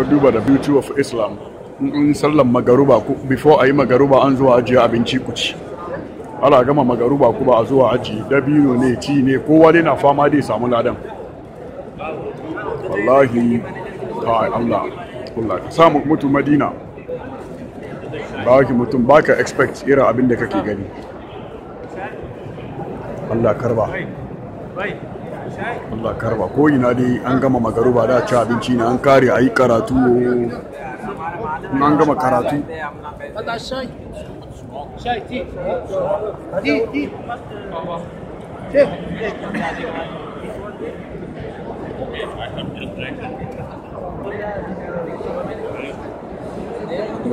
ka duba da beauty of islam in sallan magaruba before a yi magaruba an zuwa aji abinci ku ci ala gama magaruba ku ba a zuwa aji dabino ne ci ne kowa dai na fama dai samu ladan wallahi kai allah wallahi ka samu mutu madina ba ki mutum ba ka expect irin abin da kake gani allah karba Allah karba ko ina dai an gama ba da ci abinci na an kare a yi karatu an gama karatu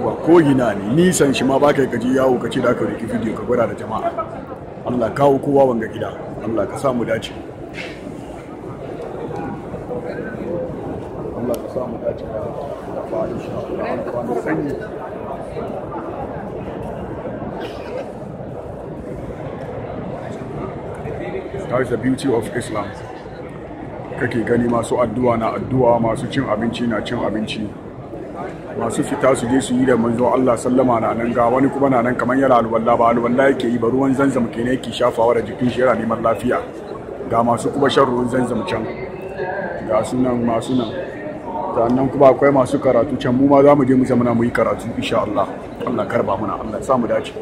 ba ko ina ne nisan shi ma ba ka gaji yawo ka ce da aka riki video ka gwada da jama'a Allah kawo kowa wanga gida Allah ka samu dace sa mu da shi da sanyi That is the beauty of Islam. Kake gani masu addu'a na addu'a, masu cin abinci na cin abinci. Masu fita su je su yi da manzo Allah sallama na nan ga wani kuma na nan kamar yana alwala ba alwala yake yi ba ruwan zanzam ne yake shafawa da jikin shi yana neman lafiya. Ga masu kuma shan ruwan zanzam can. ga sunan masu nan sannan kuma akwai masu karatu can mu ma za mu je mu zama mu yi karatu insha Allah Allah karba muna Allah ya samu dace